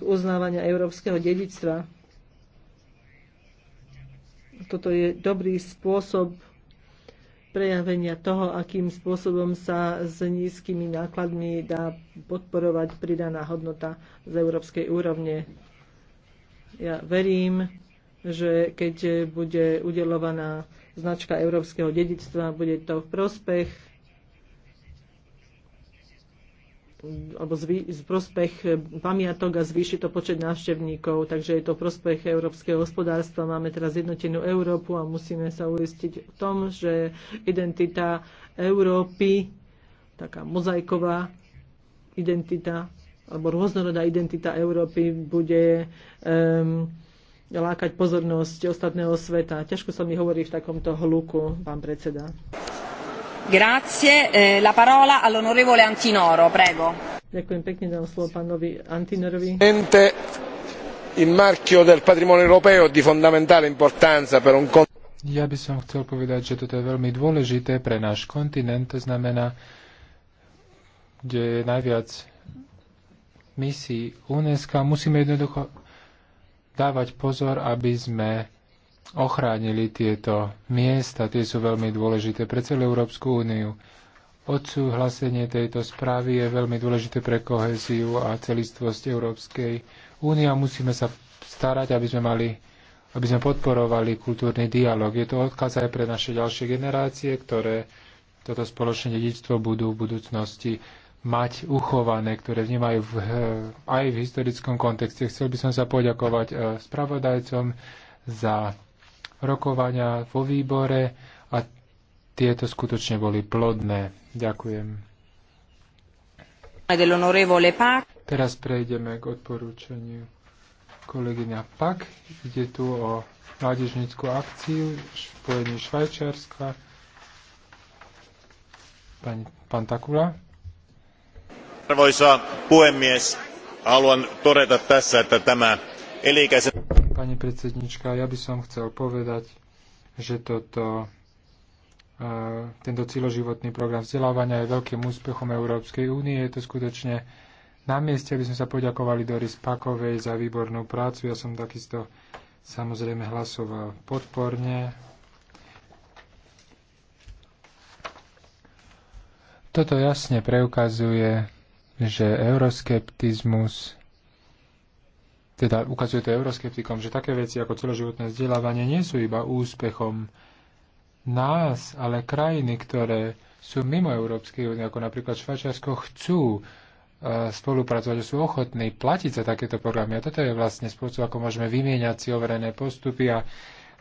uznávania európskeho dedičstva. Toto je dobrý spôsob prejavenia toho, akým spôsobom sa s nízkymi nákladmi dá podporovať pridaná hodnota z európskej úrovne. Ja verím, že keď bude udelovaná značka európskeho dedictva, bude to v prospech alebo zvý, z prospech pamiatok a zvýši to počet návštevníkov. Takže je to prospech európskeho hospodárstva. Máme teraz jednotenú Európu a musíme sa uistiť v tom, že identita Európy, taká mozaiková identita, alebo rôznorodá identita Európy bude um, lákať pozornosť ostatného sveta. Ťažko sa mi hovorí v takomto hluku, pán predseda. Grazie. Eh, la parola all'onorevole Antinoro, prego. Ďakujem pekne, dám slovo pánovi Antinorovi. Il marchio del patrimonio europeo è di fondamentale importanza per un Ja by som chcel povedať, že toto je veľmi dôležité pre náš kontinent, to znamená, kde je najviac misií UNESCO. Musíme jednoducho dávať pozor, aby sme ochránili tieto miesta. Tie sú veľmi dôležité pre celú Európsku úniu. Odsúhlasenie tejto správy je veľmi dôležité pre koheziu a celistvosť Európskej únie a musíme sa starať, aby sme mali aby sme podporovali kultúrny dialog. Je to odkaz aj pre naše ďalšie generácie, ktoré toto spoločné dedičstvo budú v budúcnosti mať uchované, ktoré vnímajú v, eh, aj v historickom kontexte. Chcel by som sa poďakovať eh, spravodajcom za rokovania vo výbore a tieto skutočne boli plodné. Ďakujem. Teraz prejdeme k odporúčaniu kolegyňa Pak. Ide tu o mládežnickú akciu spojení Švajčiarska. Pán, pán Takula. Arvoisa puhemies, haluan todeta tässä, että tämä elikäisen... Pani predsednička, ja by som chcel povedať, že toto, e, tento celoživotný program vzdelávania je veľkým úspechom Európskej únie. Je to skutočne na mieste, aby sme sa poďakovali Doris Pakovej za výbornú prácu. Ja som takisto samozrejme hlasoval podporne. Toto jasne preukazuje, že euroskeptizmus teda ukazuje to euroskeptikom, že také veci ako celoživotné vzdelávanie nie sú iba úspechom nás, ale krajiny, ktoré sú mimo Európskej únie, ako napríklad Švajčiarsko, chcú e, spolupracovať, že sú ochotní platiť za takéto programy. A toto je vlastne spôsob, ako môžeme vymieňať si overené postupy a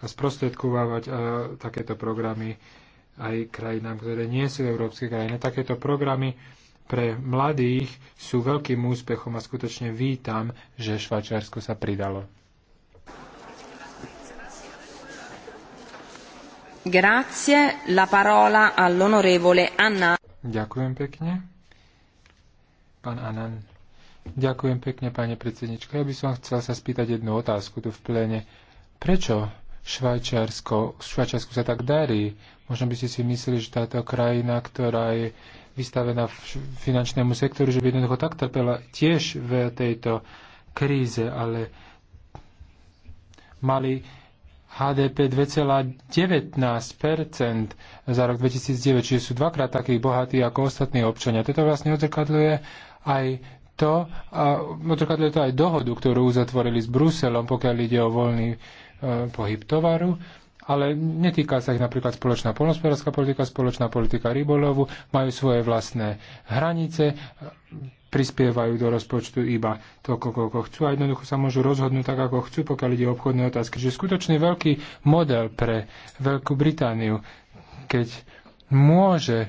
sprostredkovávať uh, takéto programy aj krajinám, ktoré nie sú európske krajiny. Takéto programy pre mladých sú veľkým úspechom a skutočne vítam, že Švajčiarsko sa pridalo. Grazie, la parola all'onorevole Anna. Ďakujem pekne. Pán Anan. Ďakujem pekne, pani predsednička. Ja by som chcel sa spýtať jednu otázku tu v plene. Prečo Švajčiarsko, Švajčiarsku sa tak darí. Možno by ste si mysleli, že táto krajina, ktorá je vystavená finančnému sektoru, že by jednoducho tak trpela tiež v tejto kríze, ale mali HDP 2,19% za rok 2009, čiže sú dvakrát takí bohatí ako ostatní občania. Toto vlastne odzrkadluje aj to, a odzrkadluje to aj dohodu, ktorú uzatvorili s Bruselom, pokiaľ ide o voľný E, pohyb tovaru, ale netýka sa ich napríklad spoločná polnospodárska politika, spoločná politika rybolovu, majú svoje vlastné hranice, e, prispievajú do rozpočtu iba to, koľko chcú a jednoducho sa môžu rozhodnúť tak, ako chcú, pokiaľ ide o obchodné otázky. Čiže skutočne veľký model pre Veľkú Britániu, keď môže e,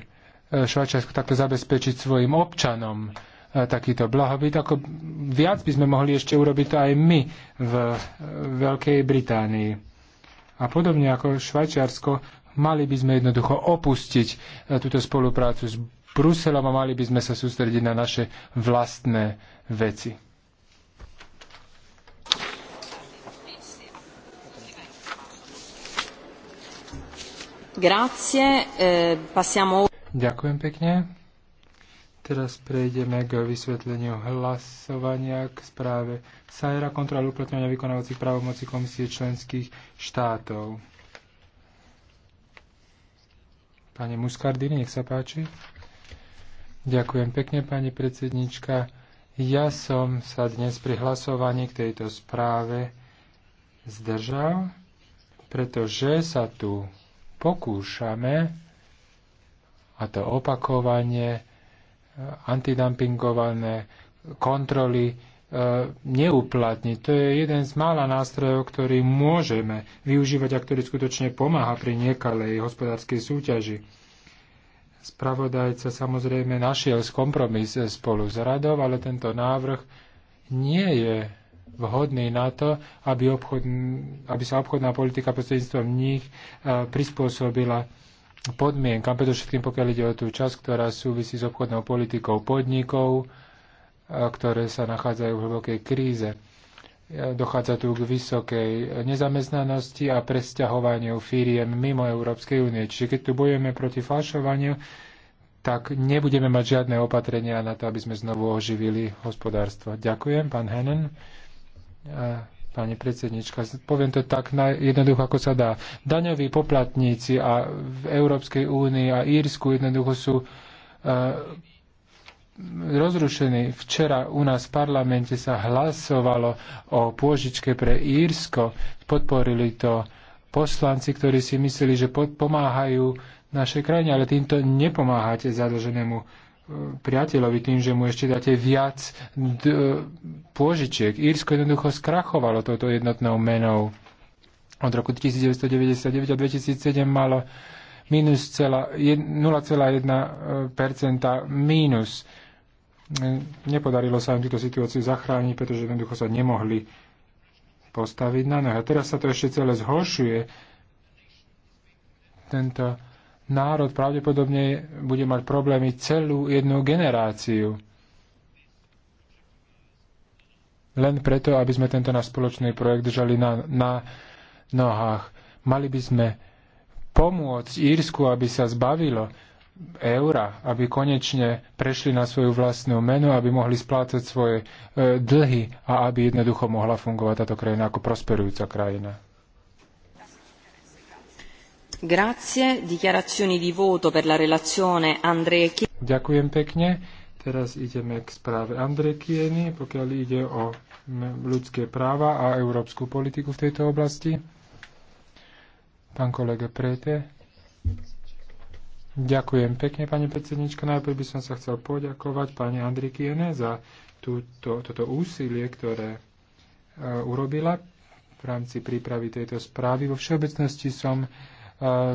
Švajčiarsko takto zabezpečiť svojim občanom E, takýto blahobyt, ako viac by sme mohli ešte urobiť to aj my v e, Veľkej Británii. A podobne ako Švajčiarsko, mali by sme jednoducho opustiť e, túto spoluprácu s Bruselom a mali by sme sa sústrediť na naše vlastné veci. Grazie, eh, passiamo... Ďakujem pekne. Teraz prejdeme k vysvetleniu hlasovania k správe Sajra kontrolu uplatňovania vykonávacích právomocí Komisie členských štátov. Pane Muskardini, nech sa páči. Ďakujem pekne, pani predsednička. Ja som sa dnes pri hlasovaní k tejto správe zdržal, pretože sa tu pokúšame, a to opakovanie, antidumpingované kontroly e, neuplatniť. To je jeden z mála nástrojov, ktorý môžeme využívať a ktorý skutočne pomáha pri nekalej hospodárskej súťaži. Spravodajca samozrejme našiel kompromis spolu s radov, ale tento návrh nie je vhodný na to, aby, obchod, aby sa obchodná politika prostredníctvom nich e, prispôsobila podmienkam, predovšetkým pokiaľ ide o tú časť, ktorá súvisí s obchodnou politikou podnikov, ktoré sa nachádzajú v hlbokej kríze. Dochádza tu k vysokej nezamestnanosti a presťahovaniu firiem mimo Európskej únie. Čiže keď tu bojujeme proti falšovaniu, tak nebudeme mať žiadne opatrenia na to, aby sme znovu oživili hospodárstvo. Ďakujem, pán Henen pani predsednička. Poviem to tak jednoducho, ako sa dá. Daňoví poplatníci a v Európskej únii a Írsku jednoducho sú uh, rozrušení. Včera u nás v parlamente sa hlasovalo o pôžičke pre Írsko. Podporili to poslanci, ktorí si mysleli, že pomáhajú našej krajine, ale týmto nepomáhate zadlženému priateľovi tým, že mu ešte dáte viac e, pôžičiek. Írsko jednoducho skrachovalo touto jednotnou menou. Od roku 1999 a 2007 malo minus 0,1% mínus. Nepodarilo sa im túto situáciu zachrániť, pretože jednoducho sa nemohli postaviť na nohy. A teraz sa to ešte celé zhoršuje. Tento národ pravdepodobne bude mať problémy celú jednu generáciu. Len preto, aby sme tento náš spoločný projekt držali na, na nohách. Mali by sme pomôcť Írsku, aby sa zbavilo eura, aby konečne prešli na svoju vlastnú menu, aby mohli splácať svoje e, dlhy a aby jednoducho mohla fungovať táto krajina ako prosperujúca krajina. Ďakujem pekne. Teraz ideme k správe Andrej Kieny, pokiaľ ide o ľudské práva a európsku politiku v tejto oblasti. Pán kolega Prete. Ďakujem pekne, pani predsednička. Najprv by som sa chcel poďakovať pani Kiene za túto, toto úsilie, ktoré e, urobila v rámci prípravy tejto správy. Vo všeobecnosti som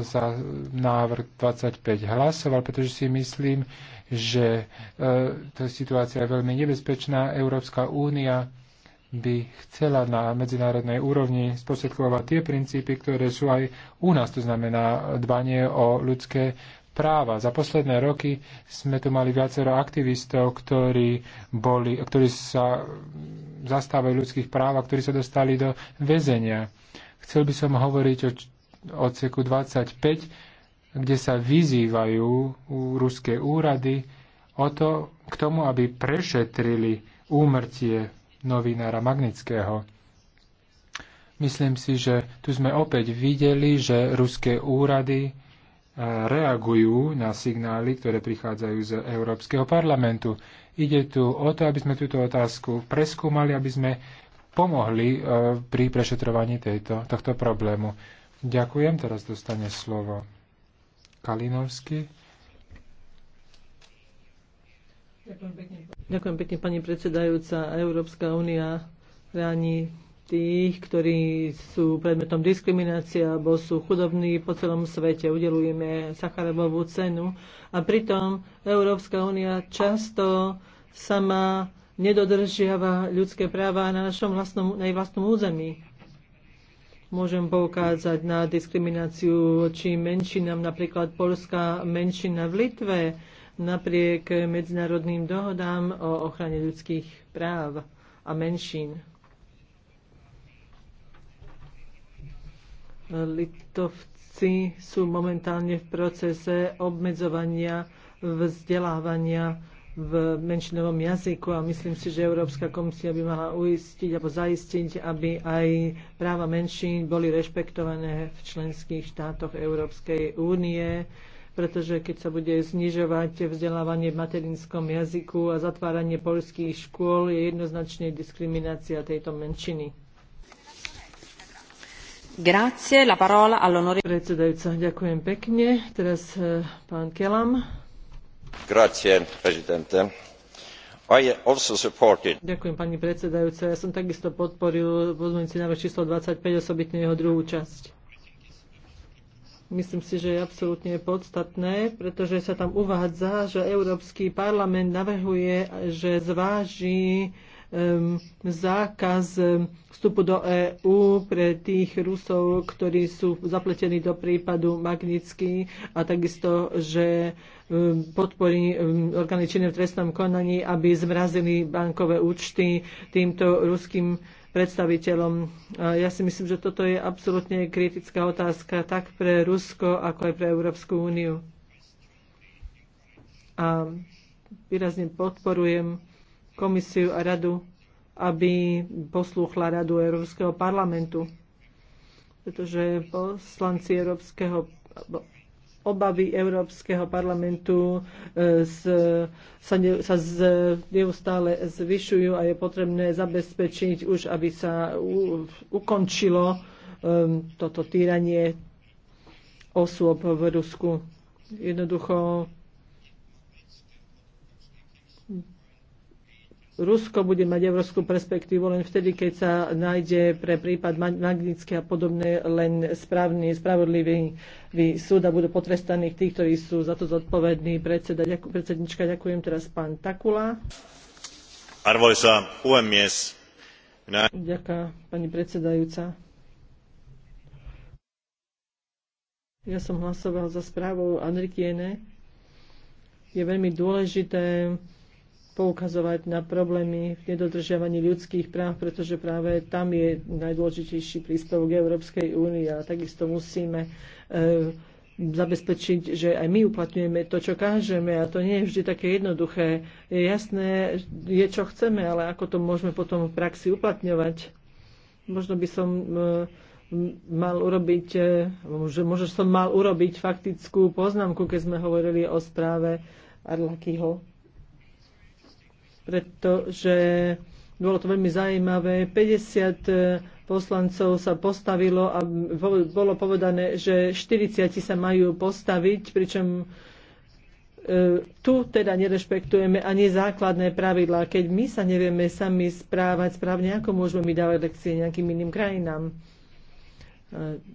za návrh 25 hlasoval, pretože si myslím, že e, tá situácia je veľmi nebezpečná. Európska únia by chcela na medzinárodnej úrovni sposledkovať tie princípy, ktoré sú aj u nás, to znamená dbanie o ľudské práva. Za posledné roky sme tu mali viacero aktivistov, ktorí, boli, ktorí sa zastávajú ľudských práv a ktorí sa dostali do väzenia. Chcel by som hovoriť o odseku 25, kde sa vyzývajú ruské úrady o to, k tomu, aby prešetrili úmrtie novinára Magnického. Myslím si, že tu sme opäť videli, že ruské úrady e, reagujú na signály, ktoré prichádzajú z Európskeho parlamentu. Ide tu o to, aby sme túto otázku preskúmali, aby sme pomohli e, pri prešetrovaní tejto, tohto problému. Ďakujem, teraz dostane slovo Kalinovský. Ďakujem pekne. pani predsedajúca. Európska únia ráni tých, ktorí sú predmetom diskriminácie alebo sú chudobní po celom svete. Udelujeme Sacharovovú cenu a pritom Európska únia často sama nedodržiava ľudské práva na našom vlastnom, vlastnom území. Môžem poukázať na diskrimináciu či menšinám, napríklad polská menšina v Litve, napriek medzinárodným dohodám o ochrane ľudských práv a menšín. Litovci sú momentálne v procese obmedzovania vzdelávania v menšinovom jazyku a myslím si, že Európska komisia by mala uistiť alebo zaistiť, aby aj práva menšín boli rešpektované v členských štátoch Európskej únie pretože keď sa bude znižovať vzdelávanie v materinskom jazyku a zatváranie polských škôl, je jednoznačne diskriminácia tejto menšiny. Grazie, la parola all'onore. Predsedajúca, ďakujem pekne. Teraz eh, pán Kelam. Ďakujem pani predsedajúca. Ja som takisto podporil pozmeňujúci návrh číslo 25, osobitne jeho druhú časť. Myslím si, že je absolútne podstatné, pretože sa tam uvádza, že Európsky parlament navrhuje, že zváži zákaz vstupu do EÚ pre tých Rusov, ktorí sú zapletení do prípadu Magnitsky a takisto, že podporí orgány činné v trestnom konaní, aby zmrazili bankové účty týmto ruským predstaviteľom. Ja si myslím, že toto je absolútne kritická otázka tak pre Rusko, ako aj pre Európsku úniu. A výrazne podporujem komisiu a radu, aby poslúchla radu Európskeho parlamentu. Pretože poslanci Európskeho obavy Európskeho parlamentu z, e, sa, ne, sa z, neustále zvyšujú a je potrebné zabezpečiť už, aby sa u, ukončilo um, toto týranie osôb v Rusku. Jednoducho Rusko bude mať európsku perspektívu len vtedy, keď sa nájde pre prípad Magnitsky a podobné len správny, spravodlivý súd a budú potrestaní tí, ktorí sú za to zodpovední. Predseda, ďakujem, predsednička, ďakujem teraz pán Takula. Arvoisa puhemies. Ďaká, pani predsedajúca. Ja som hlasoval za správu Andrikiene. Je veľmi dôležité poukazovať na problémy v nedodržiavaní ľudských práv, pretože práve tam je najdôležitejší príspevok Európskej únie a takisto musíme e, zabezpečiť, že aj my uplatňujeme to, čo kážeme a to nie je vždy také jednoduché. Je jasné, je čo chceme, ale ako to môžeme potom v praxi uplatňovať. Možno by som eh, mal urobiť, eh, možno som mal urobiť faktickú poznámku, keď sme hovorili o správe Arlakyho pretože bolo to veľmi zaujímavé. 50 e, poslancov sa postavilo a bolo povedané, že 40 sa majú postaviť, pričom e, tu teda nerešpektujeme ani základné pravidlá. Keď my sa nevieme sami správať správne, ako môžeme my dávať lekcie nejakým iným krajinám? E,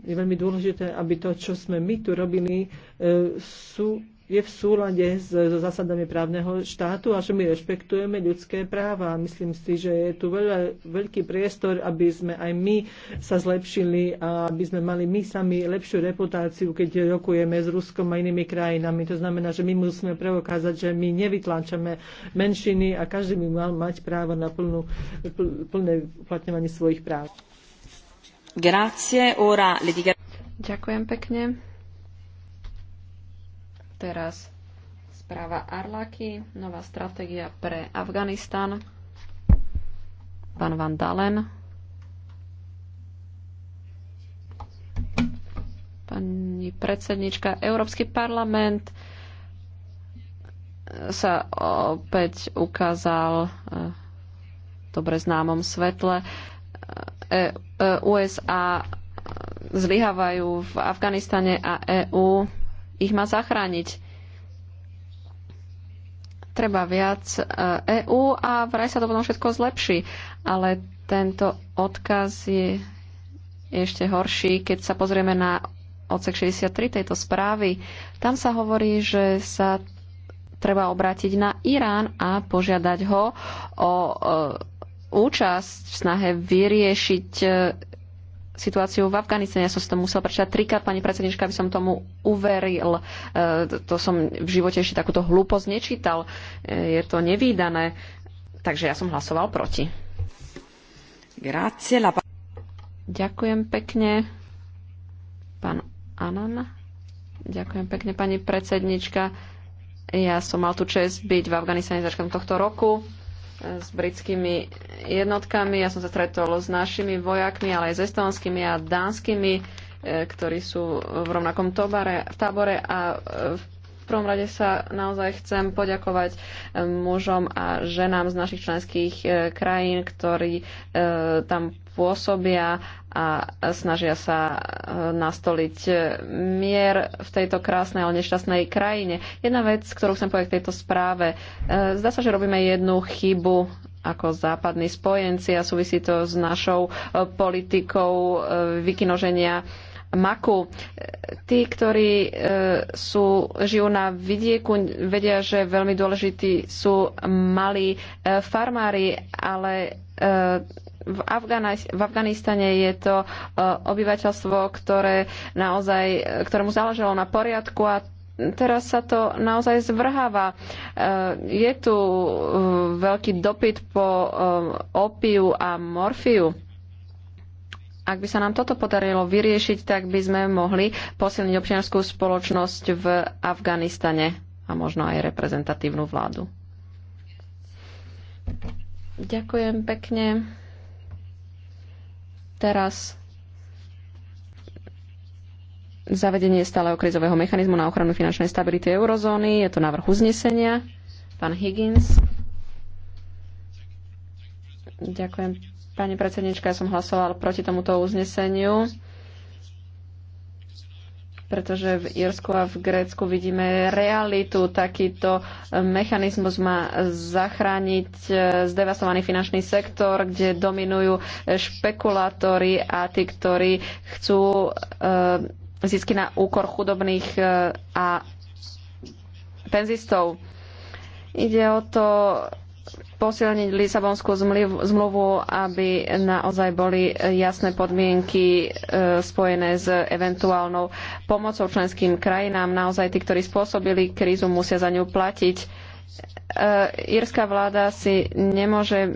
je veľmi dôležité, aby to, čo sme my tu robili, sú je v súlade so zásadami právneho štátu a že my rešpektujeme ľudské práva. Myslím si, že je tu veľa, veľký priestor, aby sme aj my sa zlepšili a aby sme mali my sami lepšiu reputáciu, keď rokujeme s Ruskom a inými krajinami. To znamená, že my musíme preukázať, že my nevytláčame menšiny a každý by mal mať právo na plnú, plné uplatňovanie svojich práv. Grazie, ora, Ďakujem pekne. Teraz správa Arlaky, nová stratégia pre Afganistan. Pán Van Dalen. Pani predsednička, Európsky parlament sa opäť ukázal eh, dobre známom svetle. Eh, eh, USA zlyhávajú v Afganistane a EÚ ich má zachrániť. Treba viac EÚ e a vraj sa to potom všetko zlepší. Ale tento odkaz je ešte horší, keď sa pozrieme na odsek 63 tejto správy. Tam sa hovorí, že sa treba obrátiť na Irán a požiadať ho o e, účasť v snahe vyriešiť e, situáciu v Afganistane. Ja som si to musel prečítať trikrát, pani predsednička, aby som tomu uveril. E, to som v živote ešte takúto hlúposť nečítal. E, je to nevýdané. Takže ja som hlasoval proti. Grazie, la... Ďakujem pekne. Pán Anan. Ďakujem pekne, pani predsednička. Ja som mal tu čest byť v Afganistane začiatkom tohto roku s britskými jednotkami. Ja som sa stretol s našimi vojakmi, ale aj s estonskými a dánskymi, e, ktorí sú v rovnakom tobare, e, v tábore a v v prvom rade sa naozaj chcem poďakovať eh, mužom a ženám z našich členských eh, krajín, ktorí eh, tam pôsobia a snažia sa nastoliť mier v tejto krásnej, ale nešťastnej krajine. Jedna vec, ktorú chcem povedať k tejto správe. Zdá sa, že robíme jednu chybu ako západní spojenci a súvisí to s našou politikou vykinoženia maku. Tí, ktorí e, sú, žijú na vidieku, vedia, že veľmi dôležití sú malí e, farmári, ale e, v, Afganaj- v Afganistane je to obyvateľstvo, ktoré naozaj, ktorému záležalo na poriadku a teraz sa to naozaj zvrháva. Je tu veľký dopyt po opiu a morfiu ak by sa nám toto podarilo vyriešiť, tak by sme mohli posilniť občianskú spoločnosť v Afganistane a možno aj reprezentatívnu vládu. Ďakujem pekne. Teraz zavedenie stáleho krizového mechanizmu na ochranu finančnej stability eurozóny. Je to návrh uznesenia. Pán Higgins. Ďakujem Pani predsednička, ja som hlasoval proti tomuto uzneseniu, pretože v Írsku a v Grécku vidíme realitu. Takýto mechanizmus má zachrániť e, zdevastovaný finančný sektor, kde dominujú špekulátori a tí, ktorí chcú e, zisky na úkor chudobných e, a penzistov. Ide o to posilniť Lisabonskú zmluvu, aby naozaj boli jasné podmienky e, spojené s eventuálnou pomocou členským krajinám. Naozaj tí, ktorí spôsobili krízu, musia za ňu platiť. E, írska vláda si nemôže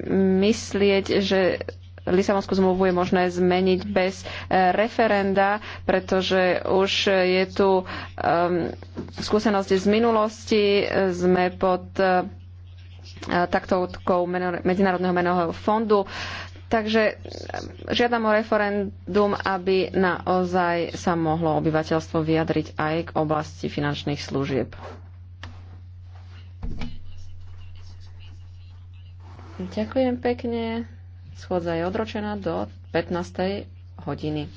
myslieť, že Lisabonskú zmluvu je možné zmeniť bez e, referenda, pretože už je tu skúsenosti z minulosti. Sme pod E, taktovkou Medzinárodného menového fondu. Takže žiadam o referendum, aby naozaj sa mohlo obyvateľstvo vyjadriť aj k oblasti finančných služieb. Ďakujem pekne. Schôdza je odročená do 15. hodiny.